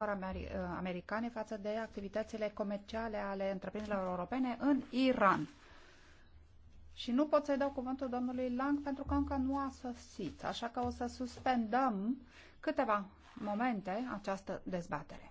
Uh, americane față de activitățile comerciale ale întreprinderilor europene în Iran. Și nu pot să-i dau cuvântul domnului Lang pentru că încă nu a sosit, așa că o să suspendăm câteva momente această dezbatere.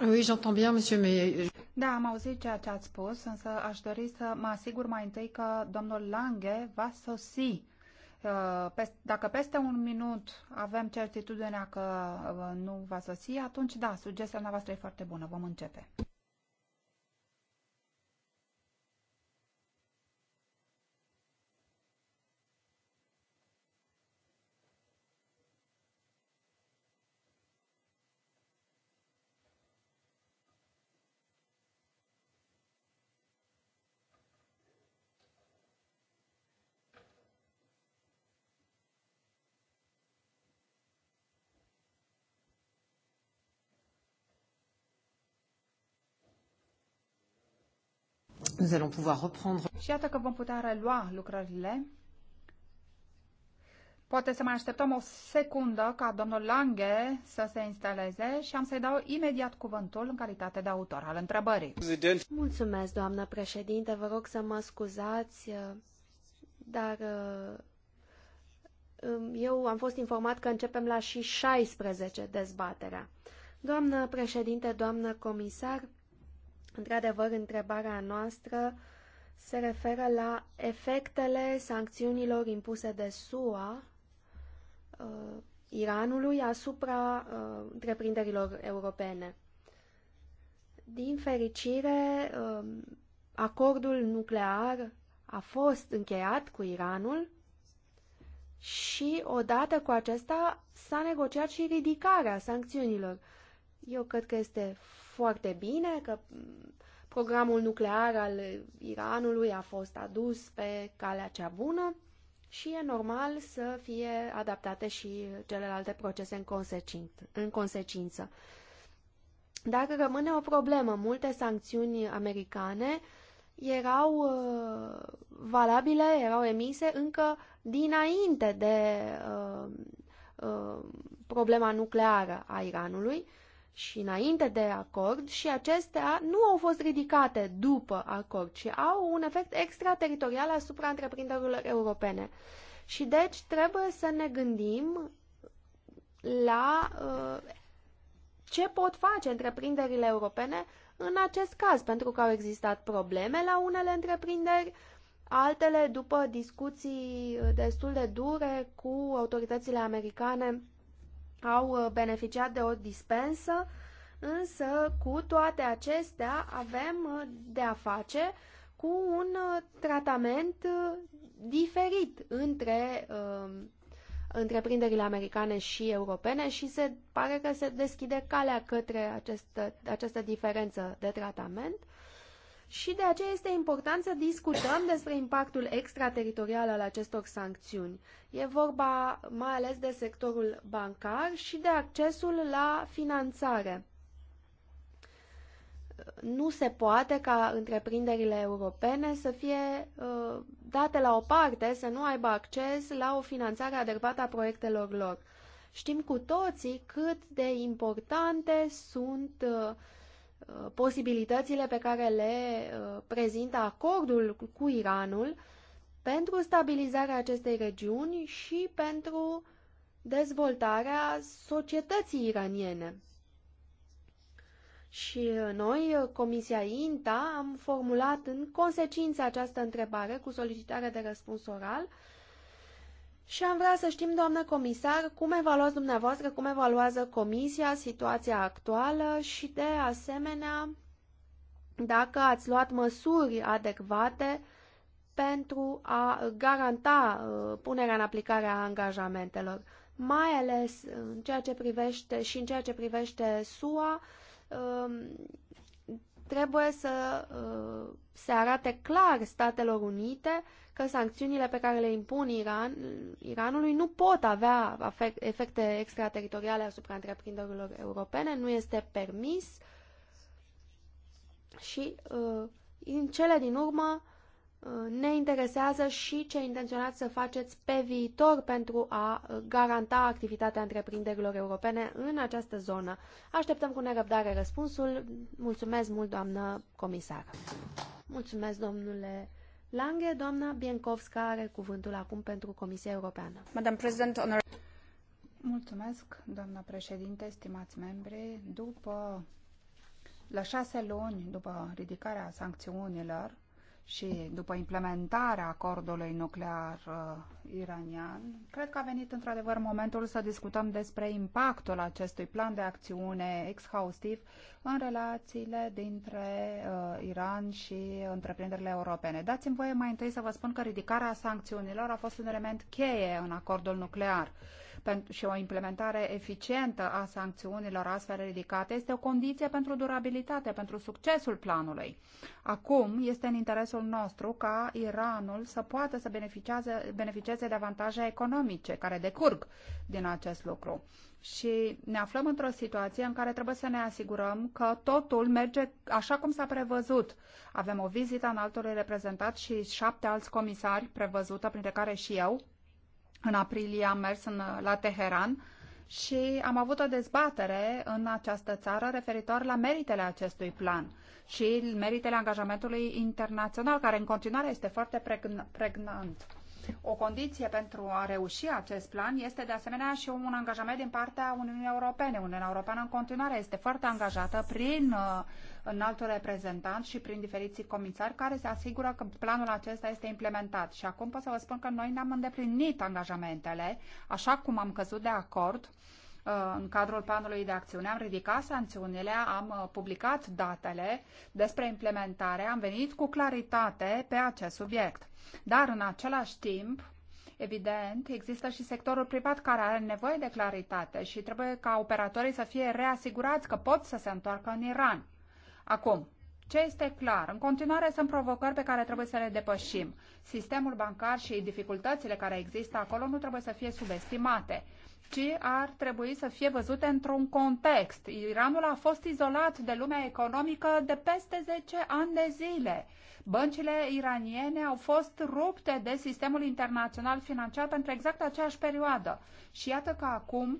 Oui, j'entends bien, monsieur, mais... Da, am auzit ceea ce ați spus, însă aș dori să mă asigur mai întâi că domnul Lange va sosi. Uh, dacă peste un minut avem certitudinea că uh, nu va sosi, atunci da, sugestia noastră e foarte bună. Vom începe. nous allons pouvoir reprendre. Și iată că vom putea relua lucrările. Poate să mai așteptăm o secundă ca domnul Lange să se instaleze și am să-i dau imediat cuvântul în calitate de autor al întrebării. President. Mulțumesc, doamnă președinte, vă rog să mă scuzați, dar uh, um, eu am fost informat că începem la și 16 dezbaterea. Doamnă președinte, doamnă comisar, Într-adevăr, întrebarea noastră se referă la efectele sancțiunilor impuse de SUA uh, Iranului asupra uh, întreprinderilor europene. Din fericire, uh, acordul nuclear a fost încheiat cu Iranul și odată cu acesta s-a negociat și ridicarea sancțiunilor. Eu cred că este foarte bine că programul nuclear al Iranului a fost adus pe calea cea bună și e normal să fie adaptate și celelalte procese în, consecin, în consecință. Dacă rămâne o problemă, multe sancțiuni americane erau uh, valabile, erau emise încă dinainte de uh, uh, problema nucleară a Iranului și înainte de acord și acestea nu au fost ridicate după acord, ci au un efect extrateritorial asupra întreprinderilor europene. Și deci trebuie să ne gândim la uh, ce pot face întreprinderile europene în acest caz, pentru că au existat probleme la unele întreprinderi, altele după discuții destul de dure cu autoritățile americane au uh, beneficiat de o dispensă, însă cu toate acestea avem uh, de a face cu un uh, tratament diferit între um, întreprinderile americane și europene și se pare că se deschide calea către această această diferență de tratament și de aceea este important să discutăm despre impactul extrateritorial al acestor sancțiuni. E vorba mai ales de sectorul bancar și de accesul la finanțare. Nu se poate ca întreprinderile europene să fie uh, date la o parte, să nu aibă acces la o finanțare adecvată a proiectelor lor. Știm cu toții cât de importante sunt uh, Uh, posibilitățile pe care le uh, prezintă acordul cu Iranul pentru stabilizarea acestei regiuni și pentru dezvoltarea societății iraniene. Și uh, noi, Comisia INTA, am formulat în consecință această întrebare cu solicitare de răspuns oral și am vrea să știm, doamnă comisar, cum evaluați dumneavoastră, cum evaluează comisia situația actuală și, de asemenea, dacă ați luat măsuri adecvate pentru a garanta uh, punerea în aplicare a angajamentelor, mai ales în ceea ce privește și în ceea ce privește SUA um, trebuie să uh, se arate clar Statelor Unite că sancțiunile pe care le impun Iran, Iranului nu pot avea efecte extrateritoriale asupra întreprinderilor europene, nu este permis și uh, în cele din urmă uh, Uh, ne interesează și ce intenționați să faceți pe viitor pentru a uh, garanta activitatea întreprinderilor europene în această zonă. Așteptăm cu nerăbdare răspunsul. Mulțumesc mult, doamnă comisar. Mulțumesc, domnule Lange. Doamna Biencovska are cuvântul acum pentru Comisia Europeană. Madam President, honor... Mulțumesc, doamna președinte, stimați membri. După la șase luni după ridicarea sancțiunilor, și după implementarea acordului nuclear uh, iranian, cred că a venit într-adevăr momentul să discutăm despre impactul acestui plan de acțiune exhaustiv în relațiile dintre uh, Iran și întreprinderile europene. Dați-mi voie mai întâi să vă spun că ridicarea sancțiunilor a fost un element cheie în acordul nuclear. Uh, și o implementare eficientă a sancțiunilor astfel ridicate este o condiție pentru durabilitate, pentru succesul planului. Acum este în interesul nostru ca Iranul să poată să beneficieze de avantaje economice care decurg din acest lucru. Și ne aflăm într-o situație în care trebuie să ne asigurăm că totul merge așa cum s-a prevăzut. Avem o vizită în altului reprezentat și șapte alți comisari prevăzută, printre care și eu, în aprilie am mers în, la Teheran și am avut o dezbatere în această țară referitor la meritele acestui plan și meritele angajamentului internațional, care în continuare este foarte pregnant. O condiție pentru a reuși acest plan este de asemenea și un angajament din partea Uniunii Europene. Uniunea Europeană în continuare este foarte angajată prin uh, înaltul reprezentant și prin diferiții comisari care se asigură că planul acesta este implementat. Și acum pot să vă spun că noi ne-am îndeplinit angajamentele, așa cum am căzut de acord în cadrul planului de acțiune, am ridicat sancțiunile, am uh, publicat datele despre implementare, am venit cu claritate pe acest subiect. Dar în același timp, Evident, există și sectorul privat care are nevoie de claritate și trebuie ca operatorii să fie reasigurați că pot să se întoarcă în Iran. Acum, ce este clar? În continuare sunt provocări pe care trebuie să le depășim. Sistemul bancar și dificultățile care există acolo nu trebuie să fie subestimate ci ar trebui să fie văzute într-un context. Iranul a fost izolat de lumea economică de peste 10 ani de zile. Băncile iraniene au fost rupte de sistemul internațional financiar pentru exact aceeași perioadă. Și iată că acum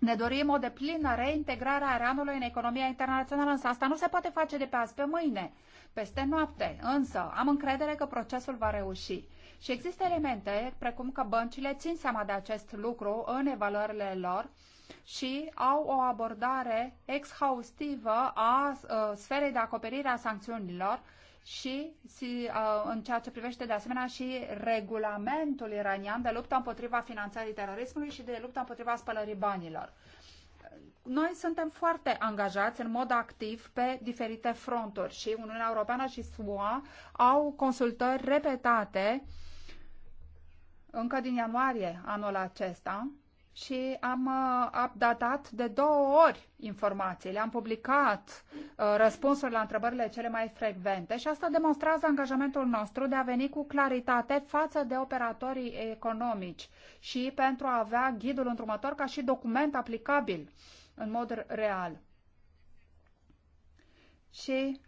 ne dorim o deplină reintegrare a Iranului în economia internațională, însă asta nu se poate face de pe azi pe mâine, peste noapte. Însă am încredere că procesul va reuși. Și există elemente, precum că băncile țin seama de acest lucru în evaluările lor și au o abordare exhaustivă a ă, sferei de acoperire a sancțiunilor și ă, în ceea ce privește de asemenea și regulamentul iranian de luptă împotriva finanțării terorismului și de luptă împotriva spălării banilor. Noi suntem foarte angajați în mod activ pe diferite fronturi și Uniunea Europeană și SUA au consultări repetate uh, încă din ianuarie anul acesta și am uh, updatat de două ori informațiile, am publicat uh, răspunsuri la întrebările cele mai frecvente și asta demonstrează angajamentul nostru de a veni cu claritate față de operatorii economici și pentru a avea ghidul întrumător ca și document aplicabil în mod real. Și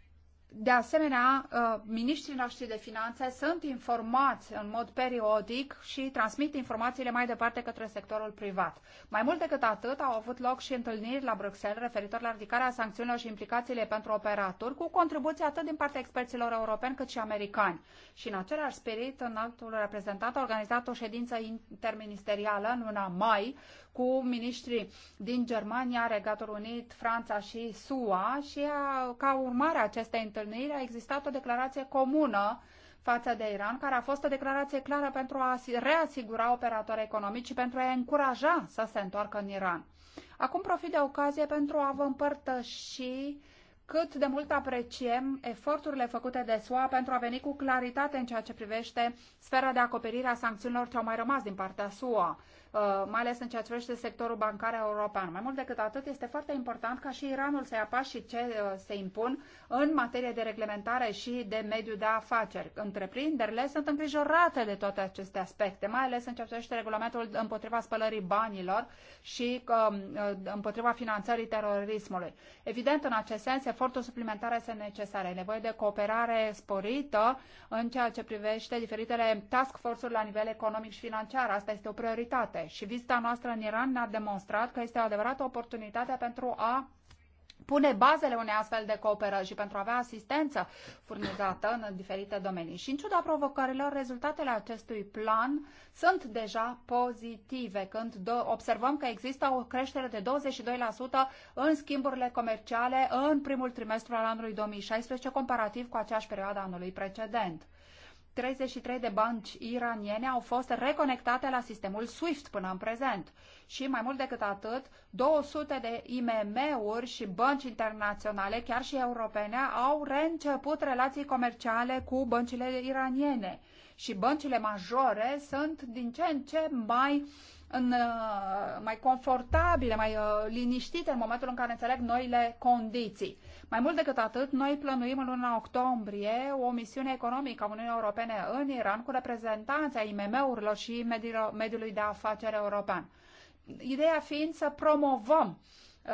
de asemenea, uh, miniștrii noștri de finanțe sunt informați în mod periodic și transmit informațiile mai departe către sectorul privat. Mai mult decât atât, au avut loc și întâlniri la Bruxelles referitor la ridicarea sancțiunilor și implicațiile pentru operatori, cu contribuții atât din partea experților europeni cât și americani. Și în același spirit, înaltul reprezentant a organizat o ședință interministerială în luna mai cu miniștri din Germania, Regatul Unit, Franța și SUA și a, ca urmare a acestei întâlniri a existat o declarație comună față de Iran, care a fost o declarație clară pentru a reasigura operatori economici și pentru a încuraja să se întoarcă în Iran. Acum profit de ocazie pentru a vă împărtăși cât de mult apreciem eforturile făcute de SUA pentru a veni cu claritate în ceea ce privește sfera de acoperire a sancțiunilor ce au mai rămas din partea SUA. Uh, mai ales în ceea ce privește sectorul bancar european. Mai mult decât atât, este foarte important ca și Iranul să ia și ce uh, se impun în materie de reglementare și de mediu de afaceri. Întreprinderile sunt îngrijorate de toate aceste aspecte, mai ales în ceea ce privește regulamentul împotriva spălării banilor și um, uh, împotriva finanțării terorismului. Evident, în acest sens, efortul suplimentar este necesar. E nevoie de cooperare sporită în ceea ce privește diferitele task force-uri la nivel economic și financiar. Asta este o prioritate și vizita noastră în Iran ne-a demonstrat că este o adevărată oportunitate pentru a pune bazele unei astfel de cooperări și pentru a avea asistență furnizată în diferite domenii. Și în ciuda provocărilor, rezultatele acestui plan sunt deja pozitive, când observăm că există o creștere de 22% în schimburile comerciale în primul trimestru al anului 2016, comparativ cu aceeași perioadă anului precedent. 33 de bănci iraniene au fost reconectate la sistemul SWIFT până în prezent. Și mai mult decât atât, 200 de IMM-uri și bănci internaționale, chiar și europene, au reînceput relații comerciale cu băncile iraniene. Și băncile majore sunt din ce în ce mai în, uh, mai confortabile, mai uh, liniștite în momentul în care înțeleg noile condiții. Mai mult decât atât, noi plănuim în luna octombrie o misiune economică a Uniunii Europene în Iran cu reprezentanța IMM-urilor și mediului de afaceri european. Ideea fiind să promovăm uh, Uh,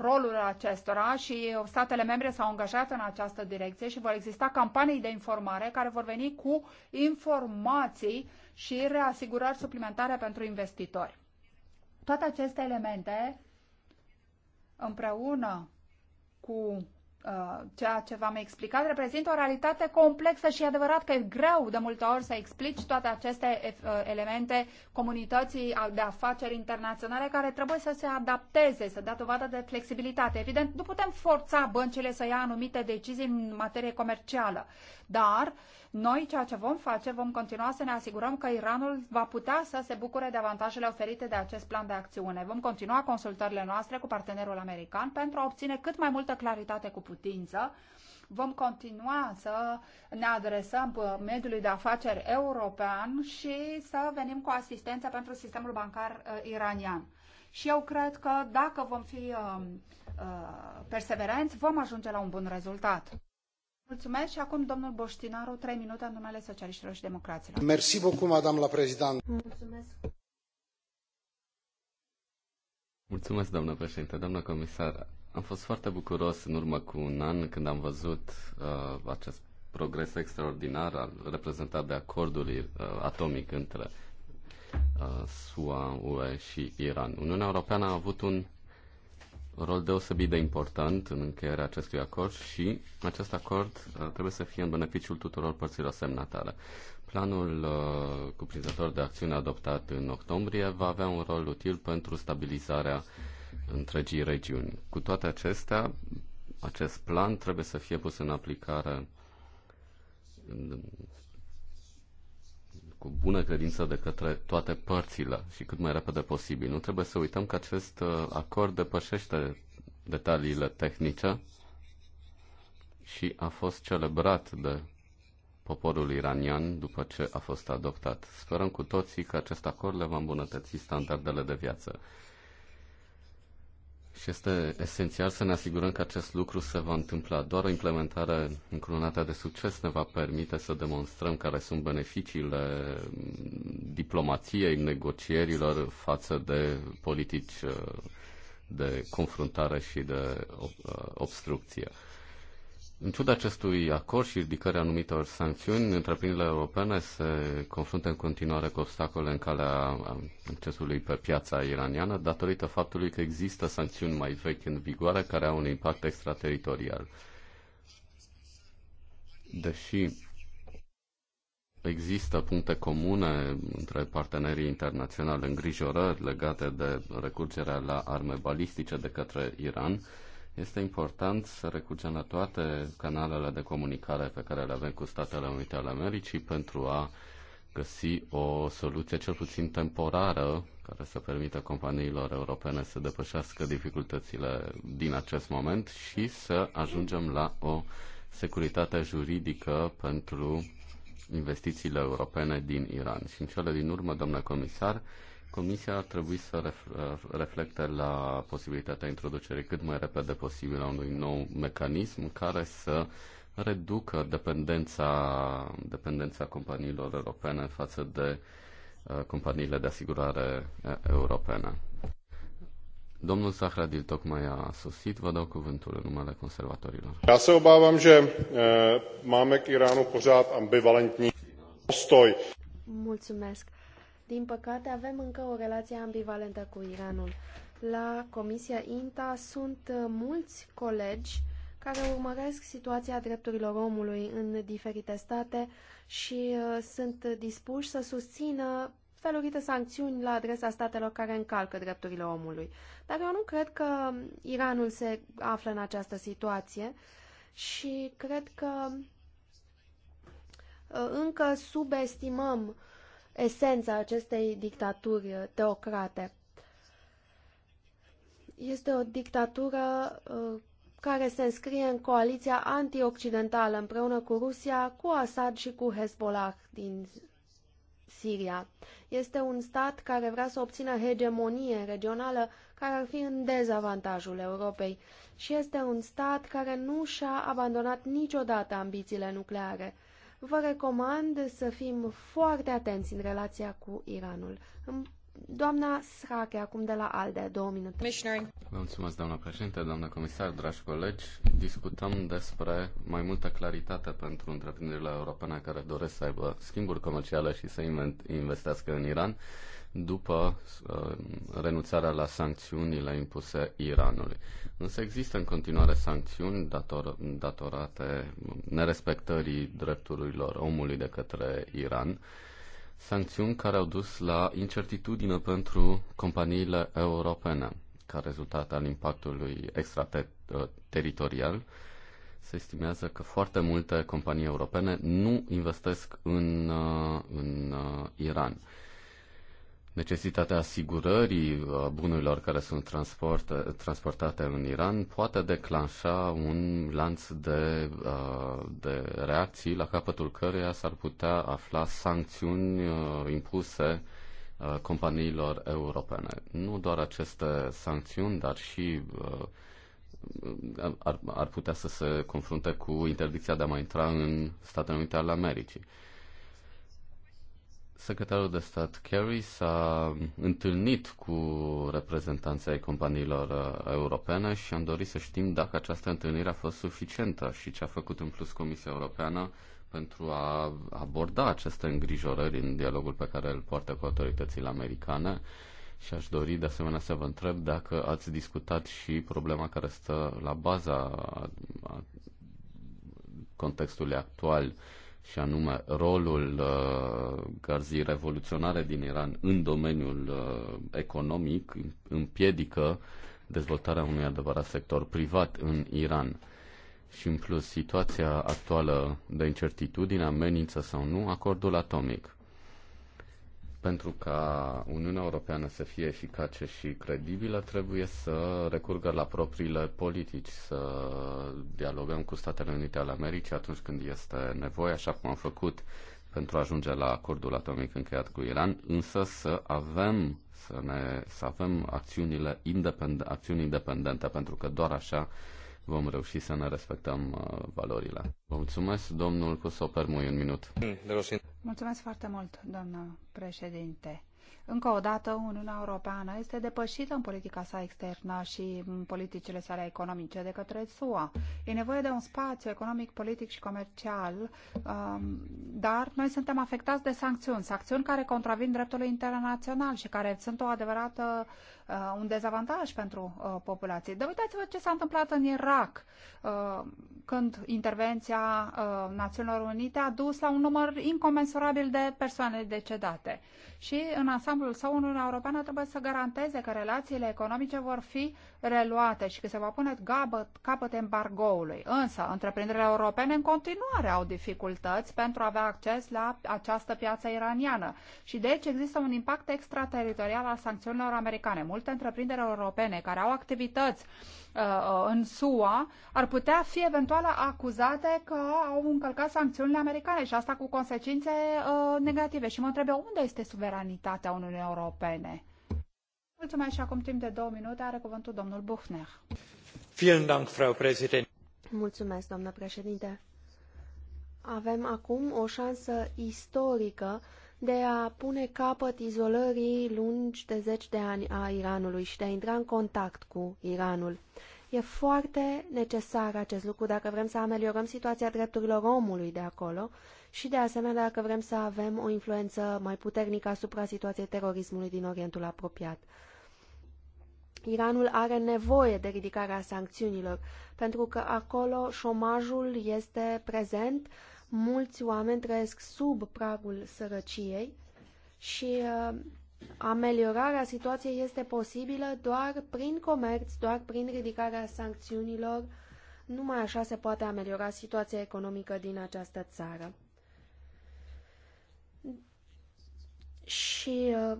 rolul acestora și statele membre s-au angajat în această direcție și vor exista campanii de informare care vor veni cu informații și reasigurări suplimentare pentru investitori. Toate aceste elemente împreună cu Uh, ceea ce v-am explicat reprezintă o realitate complexă și e adevărat că e greu de multe ori să explici toate aceste uh, elemente comunității de afaceri internaționale care trebuie să se adapteze, să dea dovadă de flexibilitate. Evident, nu putem forța băncile să ia anumite decizii în materie comercială, dar uh, noi ceea ce vom face, vom continua să ne asigurăm că Iranul va putea să se bucure de avantajele oferite de acest plan de acțiune. Vom continua consultările noastre cu partenerul american pentru a obține cât mai multă claritate cu putință vom continua să ne adresăm uh, mediului de afaceri european și să venim cu asistență pentru sistemul bancar uh, iranian. Și eu cred că dacă vom fi uh, uh, perseverenți, vom ajunge la un bun rezultat. Mulțumesc și acum domnul Boștinaru, trei minute în numele socialiștilor și democraților. Mersi beaucoup, madame la președinte. Mulțumesc. Mulțumesc, doamnă președinte, doamnă comisar. Am fost foarte bucuros în urmă cu un an când am văzut uh, acest progres extraordinar al, reprezentat de acordul uh, atomic între uh, SUA, UE și Iran. Uniunea Europeană a avut un rol deosebit de important în încheierea acestui acord și acest acord uh, trebuie să fie în beneficiul tuturor părților semnatare. Planul uh, cuprinzător de acțiune adoptat în octombrie va avea un rol util pentru stabilizarea întregii regiuni. Cu toate acestea, acest plan trebuie să fie pus în aplicare cu bună credință de către toate părțile și cât mai repede posibil. Nu trebuie să uităm că acest uh, acord depășește detaliile tehnice și a fost celebrat de poporul iranian după ce a fost adoptat. Sperăm cu toții că acest acord le va îmbunătăți standardele de viață și este esențial să ne asigurăm că acest lucru se va întâmpla. Doar o implementare încrunată de succes ne va permite să demonstrăm care sunt beneficiile diplomației, negocierilor față de politici uh, de confruntare și de uh, obstrucție. În ciuda acestui acord și ridicarea anumitor sancțiuni, întreprinderile europene se confruntă în continuare cu obstacole în calea accesului pe piața iraniană, datorită faptului că există sancțiuni mai vechi în vigoare care au un impact extrateritorial. Deși există puncte comune între partenerii internaționali îngrijorări legate de recurgerea la arme balistice de către Iran, este important să recurgem la toate canalele de comunicare pe care le avem cu Statele Unite ale Americii pentru a găsi o soluție cel puțin temporară care să permită companiilor europene să depășească dificultățile din acest moment și să ajungem la o securitate juridică pentru investițiile europene din Iran. Și în cele din urmă, domnule comisar, Comisia ar trebui să reflecte la posibilitatea introducerii cât mai repede posibil a unui nou mecanism care să reducă dependența, dependența companiilor europene față de uh, companiile de asigurare uh, europene. Domnul Zahradil tocmai a sosit, vă dau cuvântul în numele conservatorilor. Ja se obávám, že uh, máme k Iránu pořád ambivalentní postoj. Mulțumesc. Din păcate, avem încă o relație ambivalentă cu Iranul. La Comisia INTA sunt uh, mulți colegi care urmăresc situația drepturilor omului în diferite state și uh, sunt dispuși să susțină felurite sancțiuni la adresa statelor care încalcă drepturile omului. Dar eu nu cred că Iranul se află în această situație și cred că uh, încă subestimăm esența acestei dictaturi teocrate. Este o dictatură uh, care se înscrie în coaliția antioccidentală împreună cu Rusia, cu Assad și cu Hezbollah din Siria. Este un stat care vrea să obțină hegemonie regională care ar fi în dezavantajul Europei și este un stat care nu și-a abandonat niciodată ambițiile nucleare. Vă recomand să fim foarte atenți în relația cu Iranul. Doamna Srache, acum de la ALDE, două minute. Vă mulțumesc, doamna președinte, doamna comisar, dragi colegi. Discutăm despre mai multă claritate pentru întreprinderile europene care doresc să aibă schimburi comerciale și să investească în Iran după uh, renunțarea la sancțiunile impuse Iranului. Însă există în continuare sancțiuni dator, datorate nerespectării drepturilor omului de către Iran, sancțiuni care au dus la incertitudine pentru companiile europene ca rezultat al impactului extrateritorial. Se estimează că foarte multe companii europene nu investesc în, uh, în uh, Iran necesitatea asigurării uh, bunurilor care sunt transportate în Iran poate declanșa un lanț de, uh, de reacții la capătul căreia s-ar putea afla sancțiuni uh, impuse companiilor europene. Nu doar aceste sancțiuni, dar și ar, ar putea să se confrunte cu interdicția de a mai intra în Statele Unite ale Americii. Secretarul de stat Kerry s-a întâlnit cu reprezentanții ai companiilor uh, europene și am dorit să știm dacă această întâlnire a fost suficientă și ce a făcut în plus Comisia Europeană pentru a aborda aceste îngrijorări în dialogul pe care îl poartă cu autoritățile americane și aș dori de asemenea să vă întreb dacă ați discutat și problema care stă la baza contextului actual și anume rolul uh, gărzii revoluționare din Iran în domeniul uh, economic împiedică dezvoltarea unui adevărat sector privat în Iran. Și în plus, situația actuală de incertitudine amenință sau nu acordul atomic pentru ca Uniunea Europeană să fie eficace și credibilă, trebuie să recurgă la propriile politici, să dialogăm cu Statele Unite ale Americii atunci când este nevoie, așa cum am făcut pentru a ajunge la acordul atomic încheiat cu Iran, însă să avem, să ne, să avem acțiunile independ, acțiuni independente, pentru că doar așa vom reuși să ne respectăm uh, valorile. Vă mulțumesc, domnul Cosopermui, un minut. Mm, mulțumesc foarte mult, domnul președinte. Încă o dată, Uniunea Europeană este depășită în politica sa externă și în politicile sale economice de către SUA. E nevoie de un spațiu economic, politic și comercial, um, dar noi suntem afectați de sancțiuni, sancțiuni care contravin dreptului internațional și care sunt o adevărată uh, un dezavantaj pentru uh, populație. Dar uitați-vă ce s-a întâmplat în Irak, uh, când intervenția uh, Națiunilor Unite a dus la un număr incomensurabil de persoane decedate. Și în ansamblu ansamblul său, Uniunea Europeană trebuie să garanteze că relațiile economice vor fi reluate și că se va pune gabăt, capăt embargoului. Însă, întreprinderile europene în continuare au dificultăți pentru a avea acces la această piață iraniană și deci există un impact extrateritorial al sancțiunilor americane. Multe întreprinderi europene care au activități uh, uh în SUA ar putea fi eventual acuzate că au încălcat sancțiunile americane și asta cu consecințe uh, negative. Și mă întreb unde este suveranitatea Uniunii Europene? Mulțumesc și acum timp de două minute are cuvântul domnul Buchner. Mulțumesc, doamnă președinte. Avem acum o șansă istorică de a pune capăt izolării lungi de zeci de ani a Iranului și de a intra în contact cu Iranul. E foarte necesar acest lucru dacă vrem să ameliorăm situația drepturilor omului de acolo și, de asemenea, dacă vrem să avem o influență mai puternică asupra situației terorismului din Orientul apropiat. Iranul are nevoie de ridicarea sancțiunilor, pentru că acolo șomajul este prezent, mulți oameni trăiesc sub pragul sărăciei și uh, Ameliorarea situației este posibilă doar prin comerț, doar prin ridicarea sancțiunilor. Numai așa se poate ameliora situația economică din această țară. Și uh,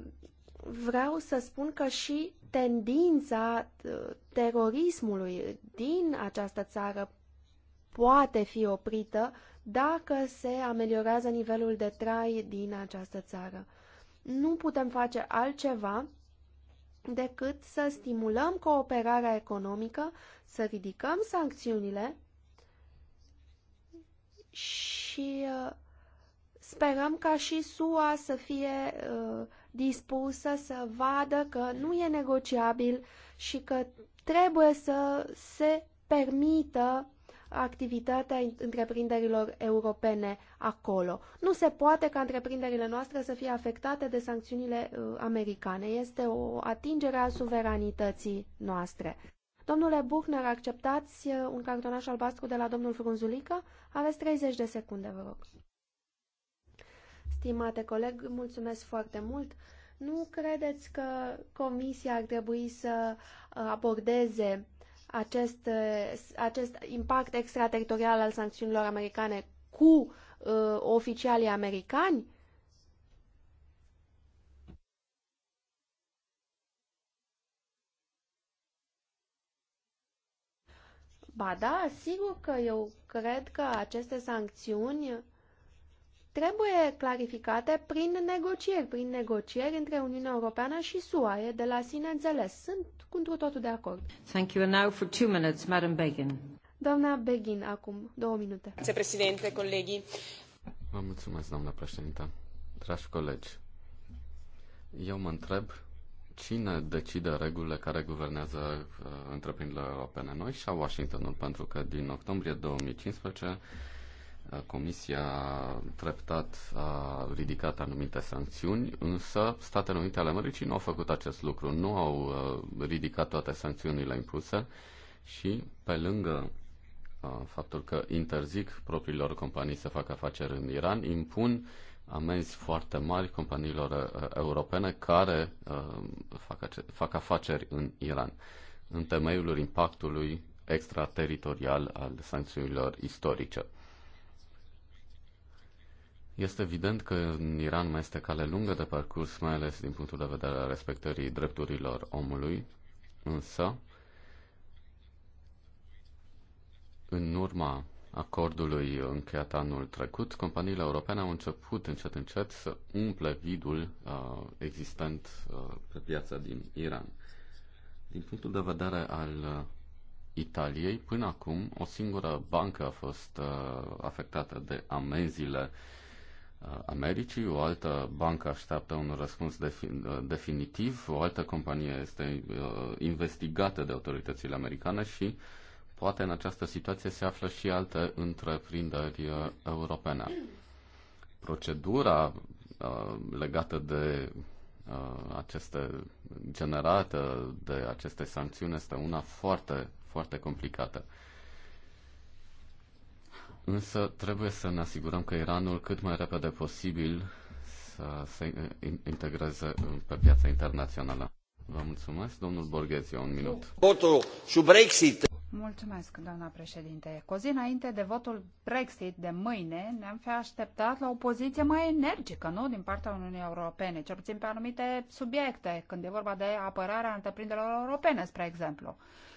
vreau să spun că și tendința uh, terorismului din această țară poate fi oprită dacă se ameliorează nivelul de trai din această țară nu putem face altceva decât să stimulăm cooperarea economică, să ridicăm sancțiunile și uh, sperăm ca și SUA să fie uh, dispusă să vadă că nu e negociabil și că trebuie să se permită activitatea întreprinderilor europene acolo. Nu se poate ca întreprinderile noastre să fie afectate de sancțiunile uh, americane. Este o atingere a suveranității noastre. Domnule Buchner, acceptați uh, un cartonaș albastru de la domnul Frunzulică? Aveți 30 de secunde, vă rog. Stimate coleg, mulțumesc foarte mult. Nu credeți că comisia ar trebui să uh, abordeze acest, acest impact extrateritorial al sancțiunilor americane cu uh, oficialii americani? Ba da, sigur că eu cred că aceste sancțiuni trebuie clarificate prin negocieri, prin negocieri între Uniunea Europeană și SUA, e de la sine înțeles. Sunt cu totul de acord. Thank you. And now for two minutes, Madam Begin. Doamna Begin, acum două minute. Mulțumesc, președinte, colegii. Vă mulțumesc, doamna președinte. Dragi colegi, eu mă întreb cine decide regulile care guvernează uh, întreprinderile europene, noi sau Washingtonul, pentru că din octombrie 2015 Comisia treptat a ridicat anumite sancțiuni, însă Statele Unite ale Americii nu au făcut acest lucru, nu au uh, ridicat toate sancțiunile impuse și pe lângă uh, faptul că interzic propriilor companii să facă afaceri în Iran, impun amenzi foarte mari companiilor uh, europene care fac afaceri în Iran, în temeiul impactului extrateritorial al sancțiunilor istorice. Este evident că în Iran mai este cale lungă de parcurs, mai ales din punctul de vedere al respectării drepturilor omului, însă, în urma acordului încheiat anul trecut, companiile europene au început încet încet să umple vidul uh, existent uh, pe piața din Iran. Din punctul de vedere al uh, Italiei, până acum o singură bancă a fost uh, afectată de amenziile uh, Americii, o altă bancă așteaptă un răspuns defin, definitiv, o altă companie este uh, investigată de autoritățile americane și poate în această situație se află și alte întreprinderi uh, europene. Procedura uh, legată de uh, aceste generată de aceste sancțiuni este una foarte, foarte complicată. Însă trebuie să ne asigurăm că Iranul cât mai repede posibil să se integreze pe piața internațională. Vă mulțumesc. Domnul Borghezi, un minut. Votul și Brexit. Mulțumesc, doamna președinte. Cu zi înainte de votul Brexit de mâine, ne-am fi așteptat la o poziție mai energică, nu din partea Uniunii Europene, cel puțin pe anumite subiecte, când e vorba de apărarea întreprinderilor europene, spre exemplu.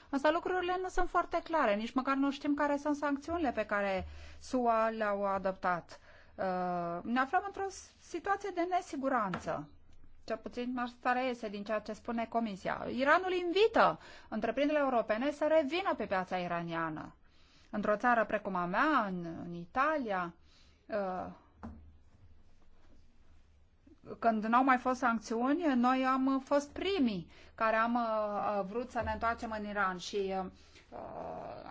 Însă lucrurile nu sunt foarte clare, nici măcar nu știm care sunt sancțiunile pe care SUA le-au adoptat. Uh, ne aflăm într-o situație de nesiguranță cel puțin asta este din ceea ce spune Comisia. Iranul invită întreprinderile europene să revină pe piața iraniană. Într-o țară precum a mea, în, în Italia, uh, când n-au mai fost sancțiuni, noi am fost primii care am uh, vrut să ne întoarcem în Iran și uh, uh,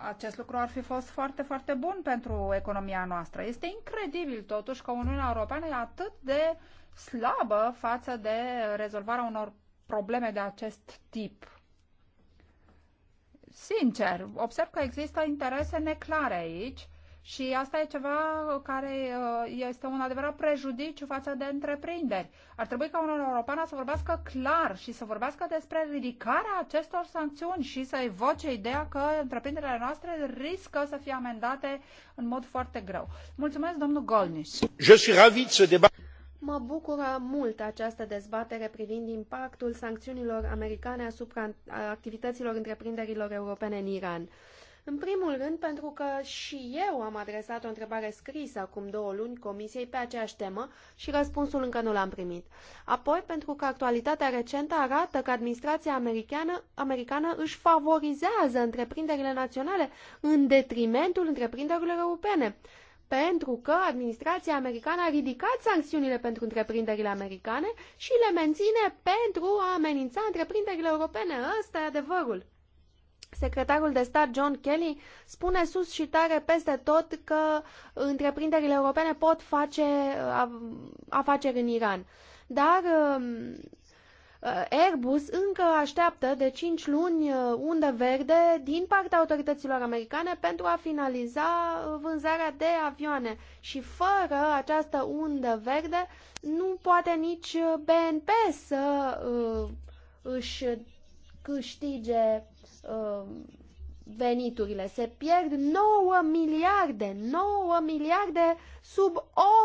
acest lucru ar fi fost foarte, foarte bun pentru economia noastră. Este incredibil totuși că Uniunea Europeană e atât de slabă față de rezolvarea unor probleme de acest tip. Sincer, observ că există interese neclare aici și asta e ceva care uh, este un adevărat prejudiciu față de întreprinderi. Ar trebui ca Uniunea Europeană să vorbească clar și să vorbească despre ridicarea acestor sancțiuni și să evoce ideea că întreprinderile noastre riscă să fie amendate în mod foarte greu. Mulțumesc, domnul Golniș. Je suis ravi Mă bucură mult această dezbatere privind impactul sancțiunilor americane asupra activităților întreprinderilor europene în Iran. În primul rând, pentru că și eu am adresat o întrebare scrisă acum două luni Comisiei pe aceeași temă și răspunsul încă nu l-am primit. Apoi, pentru că actualitatea recentă arată că administrația americană, americană își favorizează întreprinderile naționale în detrimentul întreprinderilor europene pentru că administrația americană a ridicat sancțiunile pentru întreprinderile americane și le menține pentru a amenința întreprinderile europene. Ăsta e adevărul. Secretarul de stat John Kelly spune sus și tare peste tot că întreprinderile europene pot face uh, afaceri în Iran. Dar um, uh, Airbus încă așteaptă de 5 luni uh, undă verde din partea autorităților americane pentru a finaliza vânzarea de avioane și fără această undă verde nu poate nici BNP să își câștige Uh, veniturile. Se pierd 9 miliarde, 9 miliarde sub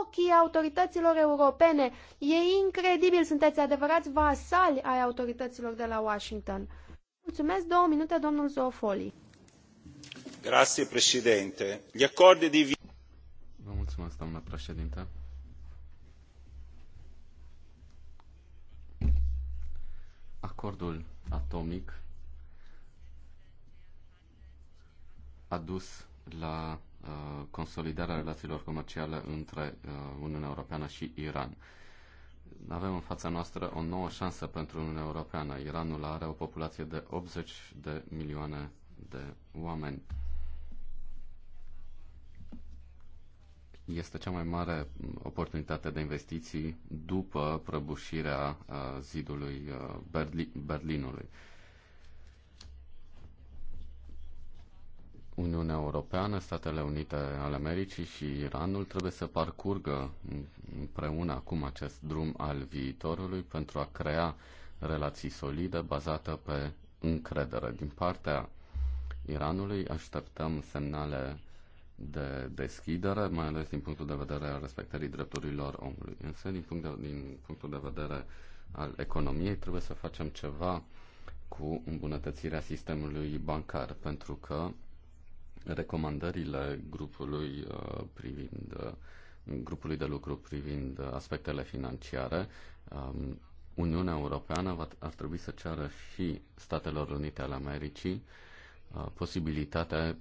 ochii autorităților europene. E incredibil, sunteți adevărați vasali ai autorităților de la Washington. Mulțumesc, două minute, domnul Zofoli. Grazie, președinte. Gli accordi di... Vă mulțumesc, doamna președinte. Acordul atomic a dus la uh, consolidarea relațiilor comerciale între uh, Uniunea Europeană și Iran. Avem în fața noastră o nouă șansă pentru Uniunea Europeană. Iranul are o populație de 80 de milioane de oameni. Este cea mai mare oportunitate de investiții după prăbușirea uh, zidului Berli- Berlinului. Uniunea Europeană, Statele Unite ale Americii și Iranul trebuie să parcurgă împreună acum acest drum al viitorului pentru a crea relații solide bazate pe încredere. Din partea Iranului așteptăm semnale de deschidere, mai ales din punctul de vedere al respectării drepturilor omului. Însă, din, punct de, din punctul de vedere al economiei, trebuie să facem ceva cu îmbunătățirea sistemului bancar, pentru că recomandările grupului uh, privind uh, grupului de lucru privind aspectele financiare, um, Uniunea Europeană ar trebui să ceară și Statelor Unite ale Americii uh, posibilitatea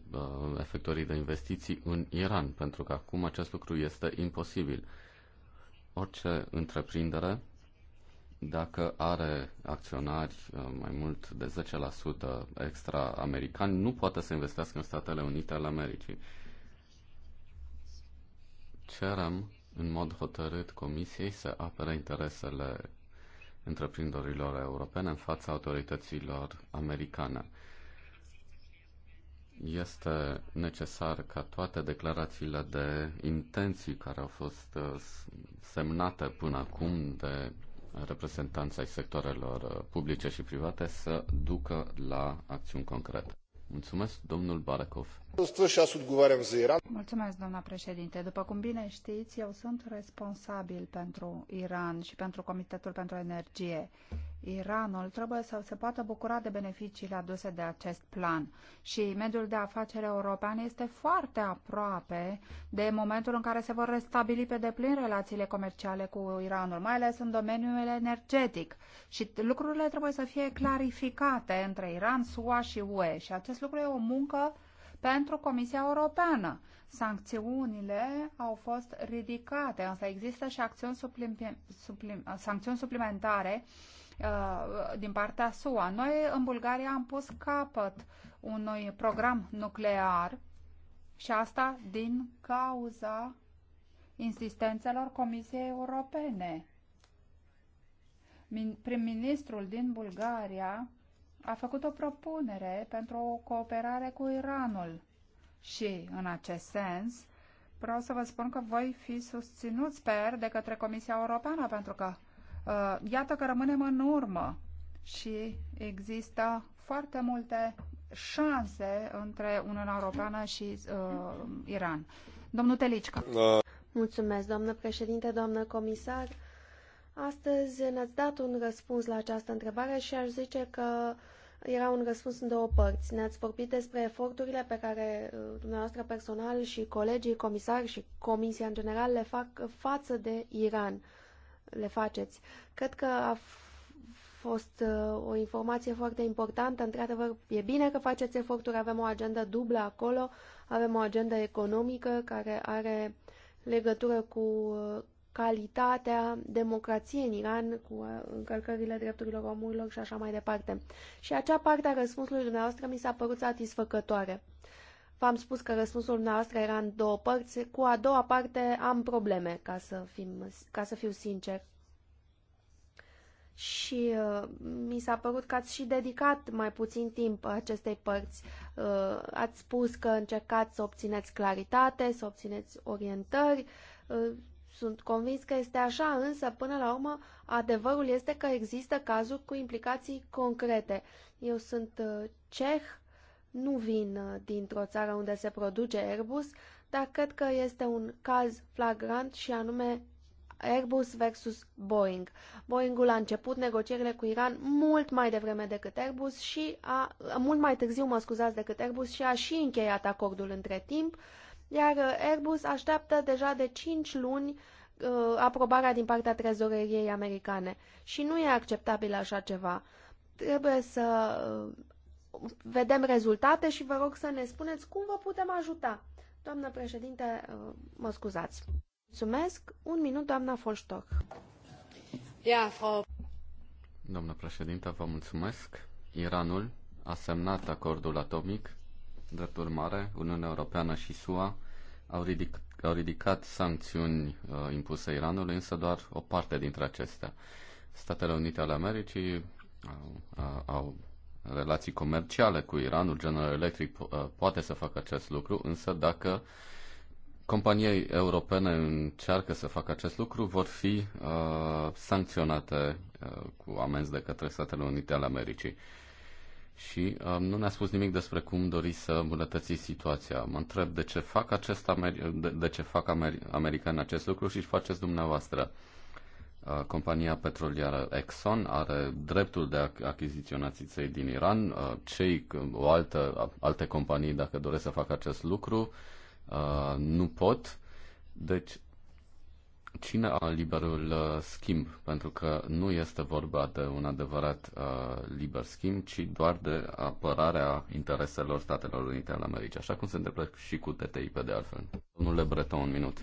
efectuării de investiții în Iran, pentru că acum acest lucru este imposibil. Orice întreprindere dacă are acționari uh, mai mult de 10% extra americani, nu poate să investească în Statele Unite ale Americii. Cerem în mod hotărât Comisiei să apere interesele întreprinderilor europene în fața autorităților americane. Este necesar ca toate declarațiile de intenții care au fost uh, semnate până acum de reprezentanți ai sectoarelor uh, publice și private să ducă la acțiuni concrete. Mulțumesc, domnul Barakov. Mulțumesc, doamna președinte. După cum bine știți, eu sunt responsabil pentru Iran și pentru Comitetul pentru Energie. Iranul trebuie să se poată bucura de beneficiile aduse de acest plan și mediul de afaceri european este foarte aproape de momentul în care se vor restabili pe deplin relațiile comerciale cu Iranul, mai ales în domeniul energetic. Și lucrurile trebuie să fie clarificate între Iran, SUA și UE și acest lucru e o muncă pentru Comisia Europeană. Sancțiunile au fost ridicate, însă există și acțiuni suplim, suplim, sancțiuni suplimentare uh, din partea SUA. Noi în Bulgaria am pus capăt unui program nuclear și asta din cauza insistențelor Comisiei Europene. Prim-ministrul din Bulgaria a făcut o propunere pentru o cooperare cu Iranul și, în acest sens, vreau să vă spun că voi fi susținut, sper, de către Comisia Europeană, pentru că uh, iată că rămânem în urmă și există foarte multe șanse între Uniunea Europeană și uh, Iran. Domnul Telicica. Uh. Mulțumesc, doamnă președinte, doamnă comisar. Astăzi ne-ați dat un răspuns la această întrebare și aș zice că era un răspuns în două părți. Ne-ați vorbit despre eforturile pe care uh, dumneavoastră personal și colegii comisari și comisia în general le fac față de Iran. Le faceți. Cred că a fost uh, o informație foarte importantă. Într-adevăr, e bine că faceți eforturi. Avem o agendă dublă acolo. Avem o agendă economică care are legătură cu uh, calitatea democrației în Iran cu uh, încălcările drepturilor omurilor și așa mai departe. Și acea parte a răspunsului dumneavoastră mi s-a părut satisfăcătoare. V-am spus că răspunsul dumneavoastră era în două părți. Cu a doua parte am probleme, ca să, fim, ca să fiu sincer. Și uh, mi s-a părut că ați și dedicat mai puțin timp acestei părți. Uh, ați spus că încercați să obțineți claritate, să obțineți orientări. Uh, sunt convins că este așa, însă, până la urmă, adevărul este că există cazuri cu implicații concrete. Eu sunt uh, ceh, nu vin uh, dintr-o țară unde se produce Airbus, dar cred că este un caz flagrant și anume Airbus versus Boeing. Boeingul a început negocierile cu Iran mult mai devreme decât Airbus și a, mult mai târziu, mă scuzați, decât Airbus și a și încheiat acordul între timp. Uh, iar uh, Airbus așteaptă deja de 5 luni uh, aprobarea din partea trezoreriei americane. Și nu e acceptabil așa ceva. Trebuie să uh, vedem rezultate și vă rog să ne spuneți cum vă putem ajuta. Doamnă președinte, mă scuzați. Mulțumesc. Un minut, doamna Folștoc. Ia, Frau. Doamnă președinte, vă mulțumesc. Iranul a semnat acordul atomic Drept urmare, Uniunea Europeană și SUA au, ridic, au ridicat sancțiuni uh, impuse Iranului, însă doar o parte dintre acestea. Statele Unite ale Americii au, uh, au relații comerciale cu Iranul, General Electric po- uh, poate să facă acest lucru, însă dacă companiei europene încearcă să facă acest lucru, vor fi uh, sancționate uh, cu amenzi de către Statele Unite ale Americii. Uh, și um, nu ne-a spus nimic despre cum dori să îmbunătăți situația. Mă întreb de ce fac, acest Ameri- de, de ce fac Ameri- americani acest lucru și faceți dumneavoastră. Uh, compania petrolieră Exxon are dreptul de a achiziționa țiței din Iran. Uh, cei, o altă, alte companii, dacă doresc să facă acest lucru, uh, nu pot. Deci, cine a liberul uh, schimb, pentru că nu este vorba de un adevărat uh, liber schimb, ci doar de apărarea intereselor Statelor Unite ale Americii, așa cum se întâmplă și cu TTIP de altfel. Domnule Breton, un minut.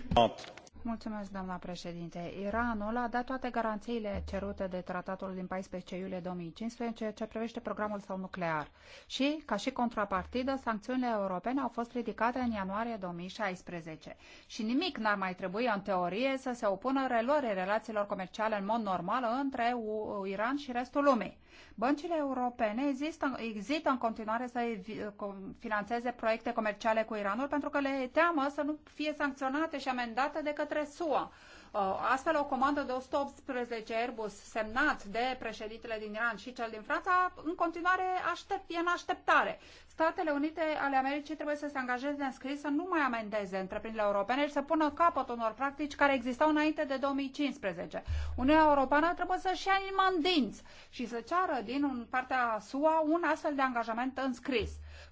Mulțumesc, doamna președinte. Iranul a dat toate garanțiile cerute de tratatul din 14 iulie 2015 în ceea ce privește programul său nuclear. Și, ca și contrapartidă, sancțiunile europene au fost ridicate în ianuarie 2016. Și nimic n-ar mai trebui, în teorie, să se opună reluării relațiilor comerciale în mod normal între Iran și restul lumii. Băncile europene există, există în continuare să financeze proiecte comerciale cu Iranul pentru că le teamă să nu fie sancționate și amendate de către SUA. Uh, astfel, o comandă de 118 Airbus semnat de președintele din Iran și cel din Franța, în continuare aștept, e în așteptare. Statele Unite ale Americii trebuie să se angajeze în scris să nu mai amendeze întreprinderile europene și să pună capăt unor practici care existau înainte de 2015. Uniunea Europeană trebuie să-și ia în dinți și să ceară din partea SUA un astfel de angajament în scris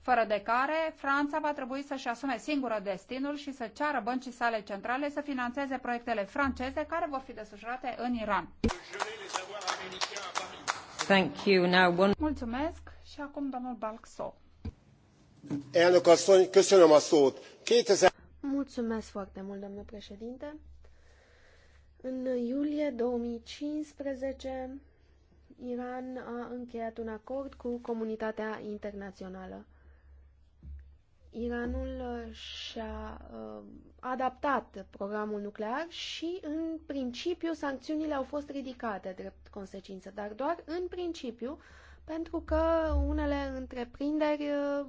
fără de care Franța va trebui să-și asume singură destinul și să ceară băncii sale centrale să financeze proiectele franceze care vor fi desfășurate în Iran. Thank you. Now one... Mulțumesc și acum domnul Balxo. Elnök asszony, köszönöm a szót. 2000... Mulțumesc foarte mult, domnul președinte. În iulie 2015, Iran a încheiat un acord cu comunitatea internațională. Iranul uh, și-a uh, adaptat programul nuclear și, în principiu, sancțiunile au fost ridicate drept consecință, dar doar în principiu, pentru că unele întreprinderi, uh,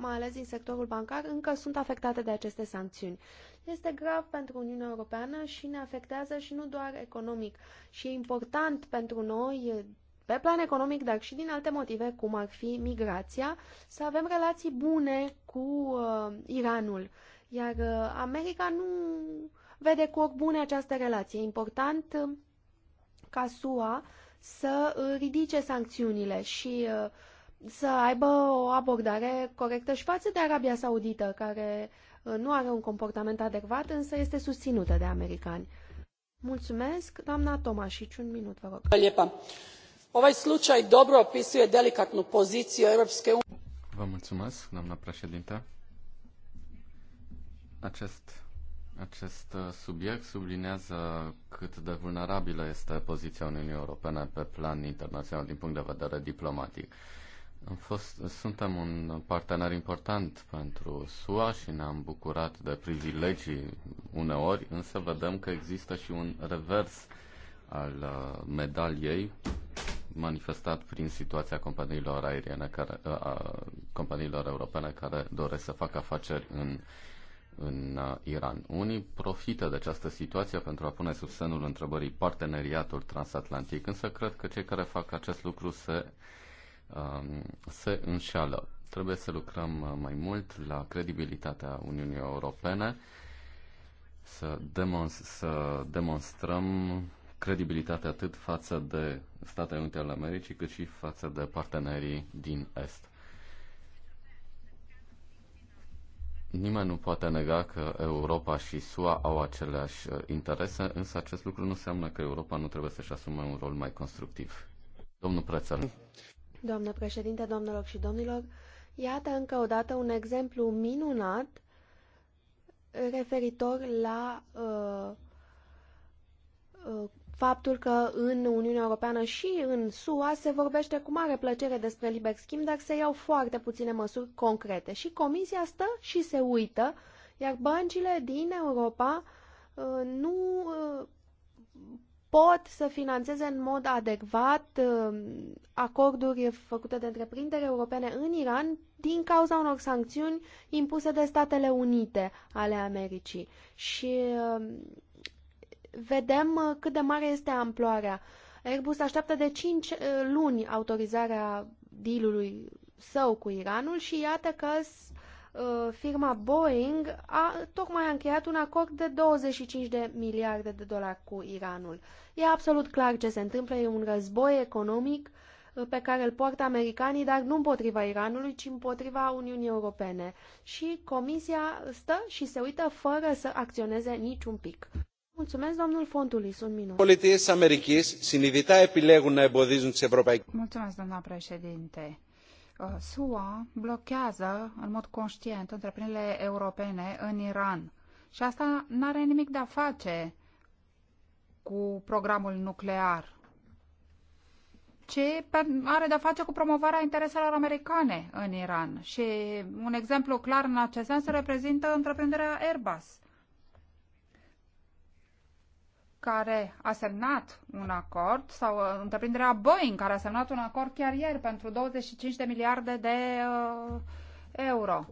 mai ales din sectorul bancar, încă sunt afectate de aceste sancțiuni. Este grav pentru Uniunea Europeană și ne afectează și nu doar economic. Și e important pentru noi pe plan economic, dar și din alte motive, cum ar fi migrația, să avem relații bune cu uh, Iranul. Iar uh, America nu vede cu ochi bune această relație. E important uh, ca SUA să uh, ridice sancțiunile și uh, să aibă o abordare corectă și față de Arabia Saudită, care nu are un comportament adecvat, însă este susținută de americani. Mulțumesc, doamna Tomașici, un minut, vă rog ovaj slučaj dobro opisuje delikatnu poziciju europske unije. Vă mulțumesc, doamna președinte. Acest, acest uh, subiect sublinează cât de vulnerabilă este poziția Uniunii Europene pe plan internațional din punct de vedere diplomatic. fost, suntem un partener important pentru SUA și ne-am bucurat de privilegii uneori, însă vedem că există și un revers al uh, medaliei manifestat prin situația companiilor aeriene, care, a companiilor europene care doresc să facă afaceri în, în Iran. Unii profită de această situație pentru a pune sub semnul întrebării parteneriatul transatlantic, însă cred că cei care fac acest lucru se, um, se înșală. Trebuie să lucrăm uh, mai mult la credibilitatea Uniunii Europene, să, demonst- să demonstrăm credibilitate atât față de Statele Unite ale Americii, cât și față de partenerii din Est. Nimeni nu poate nega că Europa și SUA au aceleași uh, interese, însă acest lucru nu înseamnă că Europa nu trebuie să-și asume un rol mai constructiv. Domnul Prețel. Doamnă președinte, domnilor și domnilor, iată încă o dată un exemplu minunat referitor la uh, uh, faptul că în Uniunea Europeană și în SUA se vorbește cu mare plăcere despre liber schimb, dar se iau foarte puține măsuri concrete și Comisia stă și se uită, iar băncile din Europa uh, nu uh, pot să financeze în mod adecvat uh, acorduri făcute de întreprinderi europene în Iran din cauza unor sancțiuni impuse de Statele Unite ale Americii. Și vedem uh, cât de mare este amploarea. Airbus așteaptă de 5 uh, luni autorizarea dealului său cu Iranul și iată că uh, firma Boeing a tocmai a încheiat un acord de 25 de miliarde de dolari cu Iranul. E absolut clar ce se întâmplă, e un război economic pe care îl poartă americanii, dar nu împotriva Iranului, ci împotriva Uniunii Europene. Și Comisia stă și se uită fără să acționeze niciun pic. Mulțumesc, domnul Fontulis, un minut. Πολιτείε τη Αμερική συνειδητά επιλέγουν να εμποδίζουν τι Mulțumesc, doamna președinte. Uh, SUA blochează în mod conștient întreprinderile europene în Iran. Și asta nu are nimic de a face cu programul nuclear, ce are de a face cu promovarea intereselor americane în Iran. Și un exemplu clar în acest sens reprezintă întreprinderea Airbus care a semnat un acord, sau uh, întreprinderea Boeing, care a semnat un acord chiar ieri pentru 25 de miliarde de uh, euro.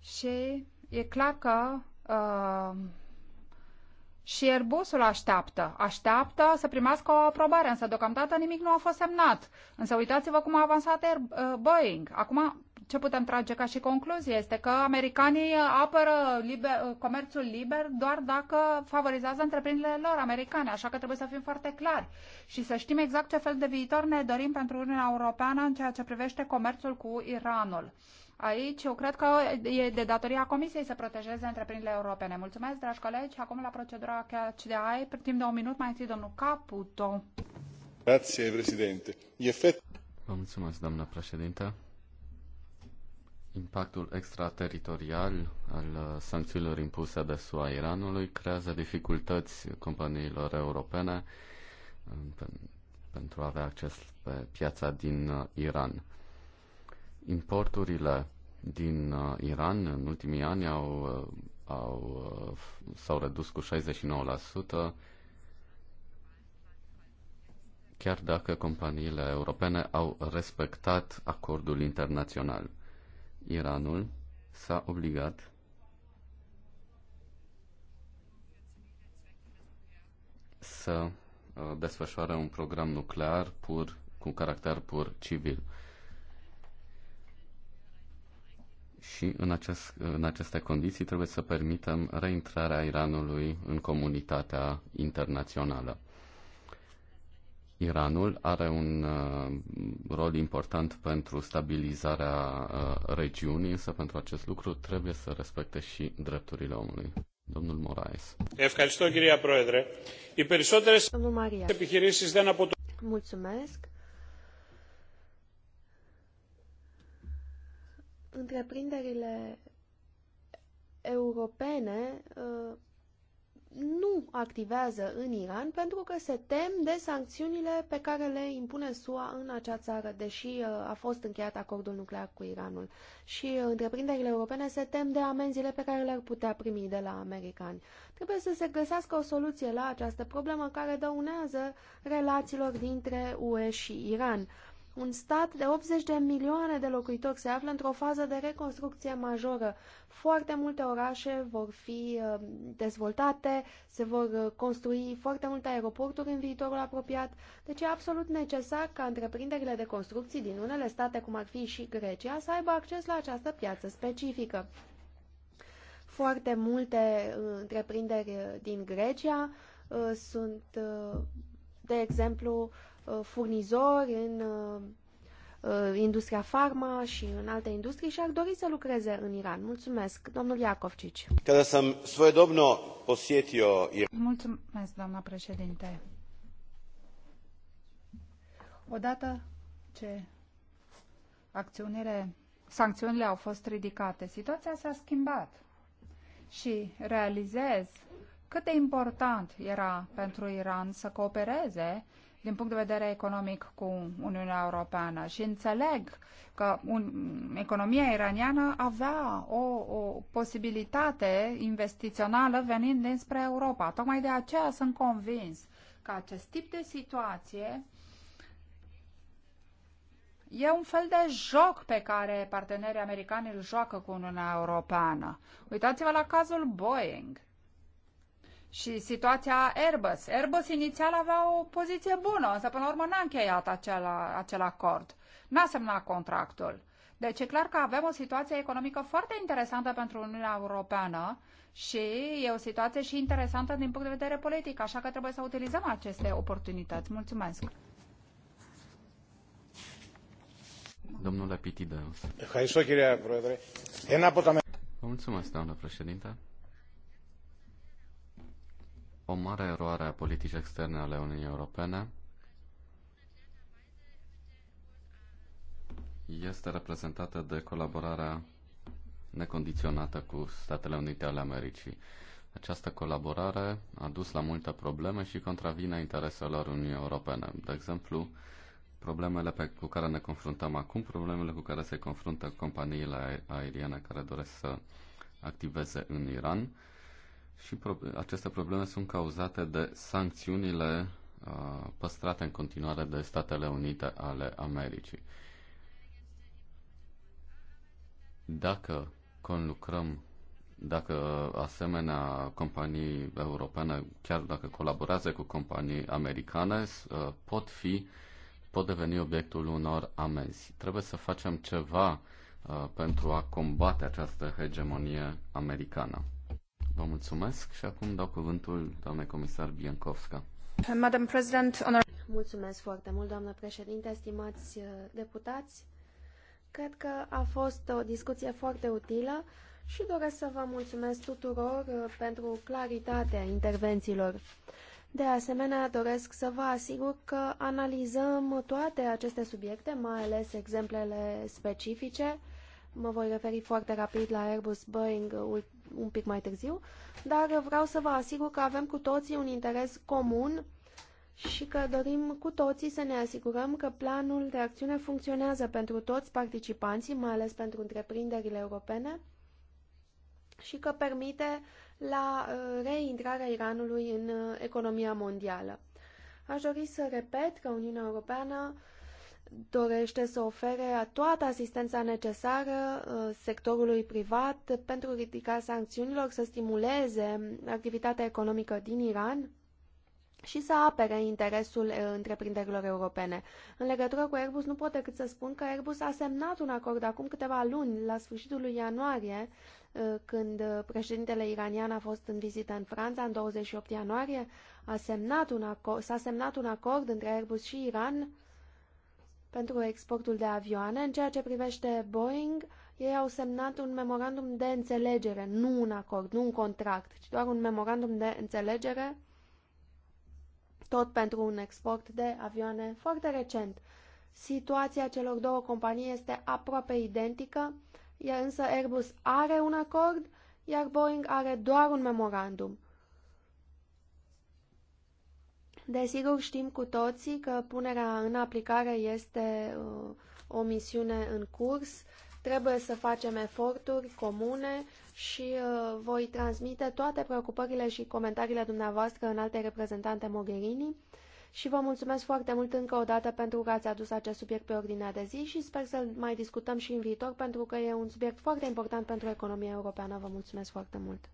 Și e clar că uh, și Airbusul așteaptă. Așteaptă să primească o aprobare, însă deocamdată nimic nu a fost semnat. Însă uitați-vă cum a avansat Air, uh, Boeing. Acum ce putem trage ca și concluzie este că americanii apără liber, comerțul liber doar dacă favorizează întreprinderile lor americane, așa că trebuie să fim foarte clari și să știm exact ce fel de viitor ne dorim pentru Uniunea Europeană în ceea ce privește comerțul cu Iranul. Aici eu cred că e de datoria Comisiei să protejeze întreprinderile europene. Mulțumesc, dragi colegi. Acum la procedura catch de ai, timp de un minut, mai întâi domnul Caputo. Grazie, președinte. Efect... Vă mulțumesc, doamna președinte. Impactul extrateritorial al uh, sancțiunilor impuse de SUA Iranului creează dificultăți companiilor europene uh, pentru a avea acces pe piața din uh, Iran. Importurile din Iran în ultimii ani au, au, s-au redus cu 69%, chiar dacă companiile europene au respectat acordul internațional. Iranul s-a obligat să uh, desfășoare un program nuclear pur, cu caracter pur civil. Și în, acest, în aceste condiții trebuie să permitem reintrarea Iranului în comunitatea internațională. Iranul are un uh, rol important pentru stabilizarea uh, regiunii, însă pentru acest lucru trebuie să respecte și drepturile omului. Domnul Moraes. Domnul Maria. Mulțumesc. Întreprinderile europene uh, nu activează în Iran pentru că se tem de sancțiunile pe care le impune SUA în acea țară, deși uh, a fost încheiat acordul nuclear cu Iranul. Și uh, întreprinderile europene se tem de amenziile pe care le-ar putea primi de la americani. Trebuie să se găsească o soluție la această problemă care dăunează relațiilor dintre UE și Iran. Un stat de 80 de milioane de locuitori se află într-o fază de reconstrucție majoră. Foarte multe orașe vor fi uh, dezvoltate, se vor uh, construi foarte multe aeroporturi în viitorul apropiat, deci e absolut necesar ca întreprinderile de construcții din unele state, cum ar fi și Grecia, să aibă acces la această piață specifică. Foarte multe uh, întreprinderi din Grecia sunt, de exemplu, Uh, furnizori în uh, uh, industria farma și în alte industrii și ar dori să lucreze în Iran. Mulțumesc, domnul Iacovcic. Mulțumesc, doamna președinte. Odată ce acțiunile, sancțiunile au fost ridicate, situația s-a schimbat și realizez cât de important era pentru Iran să coopereze din punct de vedere economic cu Uniunea Europeană și înțeleg că un, economia iraniană avea o, o posibilitate investițională venind dinspre Europa. Tocmai de aceea sunt convins că acest tip de situație e un fel de joc pe care partenerii americani îl joacă cu Uniunea Europeană. Uitați-vă la cazul Boeing și situația Airbus. Airbus inițial avea o poziție bună, însă până la urmă n-a încheiat acel, acel acord. N-a semnat contractul. Deci e clar că avem o situație economică foarte interesantă pentru Uniunea Europeană și e o situație și interesantă din punct de vedere politic, așa că trebuie să utilizăm aceste oportunități. Mulțumesc! Domnule Pitideus. Mulțumesc, doamnă președinte o mare eroare a politicii externe ale Uniunii Europene este reprezentată de colaborarea necondiționată cu Statele Unite ale Americii. Această colaborare a dus la multe probleme și contravine intereselor Uniunii Europene. De exemplu, problemele pe, cu care ne confruntăm acum, problemele cu care se confruntă companiile aeriene care doresc să activeze în Iran, și pro- aceste probleme sunt cauzate de sancțiunile uh, păstrate în continuare de Statele Unite ale Americii. Dacă conlucrăm, dacă asemenea companii europene, chiar dacă colaborează cu companii americane, uh, pot fi pot deveni obiectul unor amenzi. Trebuie să facem ceva uh, pentru a combate această hegemonie americană. Vă mulțumesc și acum dau cuvântul doamnei comisar Biancovska. Madam President, honor... Mulțumesc foarte mult, doamnă președinte, stimați uh, deputați. Cred că a fost o discuție foarte utilă și doresc să vă mulțumesc tuturor uh, pentru claritatea intervențiilor. De asemenea, doresc să vă asigur că analizăm toate aceste subiecte, mai ales exemplele specifice. Mă voi referi foarte rapid la Airbus Boeing un pic mai târziu, dar vreau să vă asigur că avem cu toții un interes comun și că dorim cu toții să ne asigurăm că planul de acțiune funcționează pentru toți participanții, mai ales pentru întreprinderile europene, și că permite la uh, reintrarea Iranului în uh, economia mondială. Aș dori să repet că Uniunea Europeană dorește să ofere toată asistența necesară uh, sectorului privat pentru ridica sancțiunilor, să stimuleze activitatea economică din Iran și să apere interesul uh, întreprinderilor europene. În legătură cu Airbus, nu pot decât să spun că Airbus a semnat un acord acum câteva luni, la sfârșitul lui ianuarie, uh, când președintele iranian a fost în vizită în Franța, în 28 ianuarie, a semnat un acord, s-a semnat un acord între Airbus și Iran pentru exportul de avioane. În ceea ce privește Boeing, ei au semnat un memorandum de înțelegere, nu un acord, nu un contract, ci doar un memorandum de înțelegere, tot pentru un export de avioane foarte recent. Situația celor două companii este aproape identică, iar însă Airbus are un acord, iar Boeing are doar un memorandum. Desigur, știm cu toții că punerea în aplicare este uh, o misiune în curs. Trebuie să facem eforturi comune și uh, voi transmite toate preocupările și comentariile dumneavoastră în alte reprezentante Mogherini. Și vă mulțumesc foarte mult încă o dată pentru că ați adus acest subiect pe ordinea de zi și sper să-l mai discutăm și în viitor pentru că e un subiect foarte important pentru economia europeană. Vă mulțumesc foarte mult!